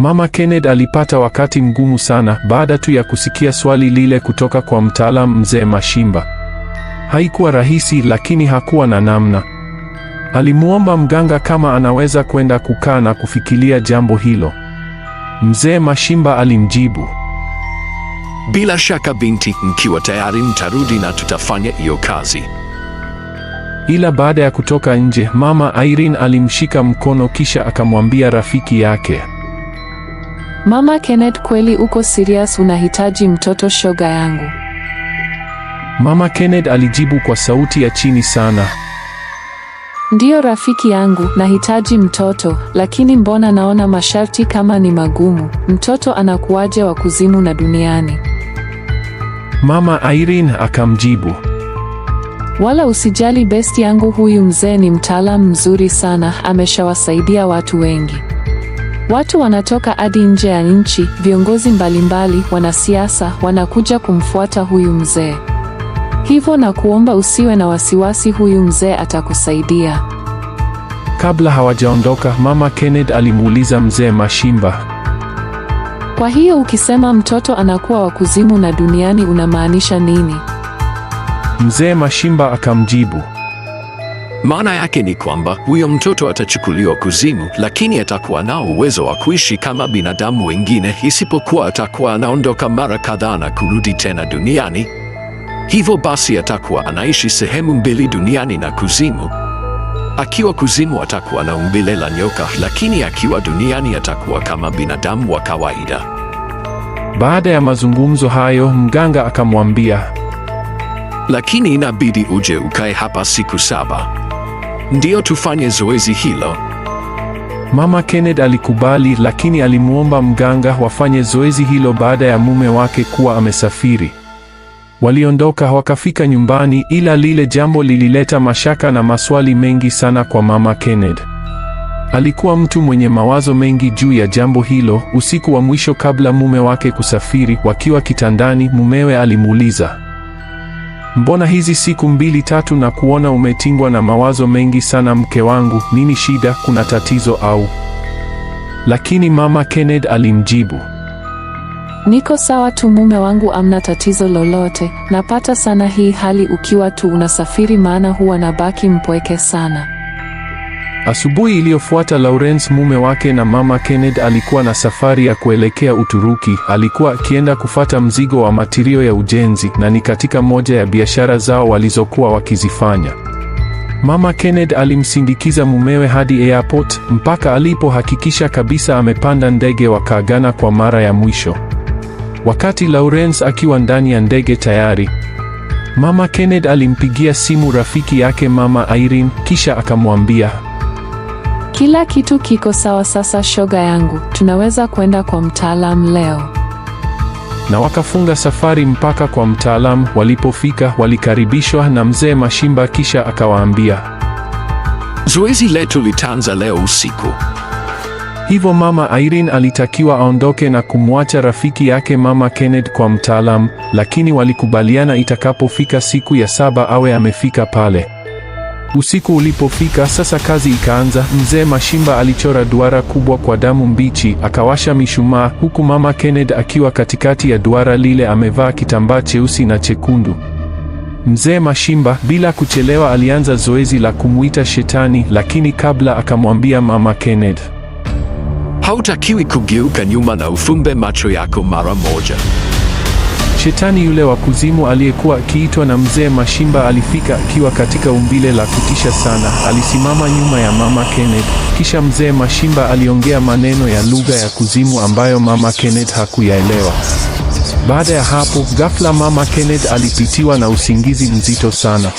Mama Kenneth alipata wakati mgumu sana baada tu ya kusikia swali lile kutoka kwa mtaalamu mzee Mashimba. Haikuwa rahisi, lakini hakuwa na namna. Alimwomba mganga kama anaweza kwenda kukaa na kufikiria jambo hilo. Mzee Mashimba alimjibu, bila shaka binti, mkiwa tayari mtarudi na tutafanya hiyo kazi. Ila baada ya kutoka nje, mama Irene alimshika mkono kisha akamwambia rafiki yake Mama Kenneth, kweli uko serious unahitaji mtoto shoga yangu? Mama Kenneth alijibu kwa sauti ya chini sana. Ndiyo rafiki yangu, nahitaji mtoto, lakini mbona naona masharti kama ni magumu. Mtoto anakuwaje wa kuzimu na duniani? Mama Irene akamjibu, wala usijali besti yangu, huyu mzee ni mtaalamu mzuri sana, ameshawasaidia watu wengi. Watu wanatoka hadi nje ya nchi, viongozi mbalimbali, wanasiasa wanakuja kumfuata huyu mzee. Hivyo na kuomba usiwe na wasiwasi, huyu mzee atakusaidia. Kabla hawajaondoka, Mama Kenneth alimuuliza mzee Mashimba, kwa hiyo ukisema mtoto anakuwa wa kuzimu na duniani unamaanisha nini? Mzee Mashimba akamjibu maana yake ni kwamba huyo mtoto atachukuliwa kuzimu, lakini atakuwa nao uwezo wa kuishi kama binadamu wengine, isipokuwa atakuwa anaondoka mara kadhaa na kurudi tena duniani. Hivyo basi atakuwa anaishi sehemu mbili duniani na kuzimu. Akiwa kuzimu atakuwa na umbile la nyoka, lakini akiwa duniani atakuwa kama binadamu wa kawaida. Baada ya mazungumzo hayo, mganga akamwambia, lakini inabidi uje ukae hapa siku saba. Ndiyo, tufanye zoezi hilo. Mama Kenneth alikubali, lakini alimwomba mganga wafanye zoezi hilo baada ya mume wake kuwa amesafiri. Waliondoka wakafika nyumbani, ila lile jambo lilileta mashaka na maswali mengi sana kwa Mama Kenneth. Alikuwa mtu mwenye mawazo mengi juu ya jambo hilo. Usiku wa mwisho kabla mume wake kusafiri, wakiwa kitandani, mumewe alimuuliza Mbona hizi siku mbili tatu na kuona umetingwa na mawazo mengi sana mke wangu, nini shida? Kuna tatizo au? Lakini mama kenned alimjibu, niko sawa tu mume wangu, amna tatizo lolote. Napata sana hii hali ukiwa tu unasafiri, maana huwa nabaki mpweke sana. Asubuhi iliyofuata Lawrence mume wake na mama kenned alikuwa na safari ya kuelekea Uturuki. Alikuwa akienda kufata mzigo wa matirio ya ujenzi, na ni katika moja ya biashara zao walizokuwa wakizifanya. Mama kenned alimsindikiza mumewe hadi airport mpaka alipohakikisha kabisa amepanda ndege, wakaagana kwa mara ya mwisho. Wakati Lawrence akiwa ndani ya ndege tayari Mama kenned alimpigia simu rafiki yake Mama Irene, kisha akamwambia kila kitu kiko sawa sasa, shoga yangu, tunaweza kwenda kwa mtaalamu leo. Na wakafunga safari mpaka kwa mtaalamu. Walipofika walikaribishwa na mzee Mashimba, kisha akawaambia, zoezi letu litaanza leo usiku. Hivyo mama Irene alitakiwa aondoke na kumwacha rafiki yake mama Kenneth kwa mtaalamu, lakini walikubaliana itakapofika siku ya saba awe amefika pale. Usiku ulipofika sasa, kazi ikaanza. Mzee Mashimba alichora duara kubwa kwa damu mbichi, akawasha mishumaa, huku mama kenned akiwa katikati ya duara lile, amevaa kitambaa cheusi na chekundu. Mzee Mashimba bila kuchelewa alianza zoezi la kumwita shetani, lakini kabla akamwambia mama kenned hautakiwi kugeuka nyuma na ufumbe macho yako mara moja. Shetani yule wa kuzimu aliyekuwa akiitwa na mzee Mashimba alifika akiwa katika umbile la kutisha sana. Alisimama nyuma ya mama Kenneth, kisha mzee Mashimba aliongea maneno ya lugha ya kuzimu ambayo mama Kenneth hakuyaelewa. Baada ya hapo, ghafla mama Kenneth alipitiwa na usingizi mzito sana.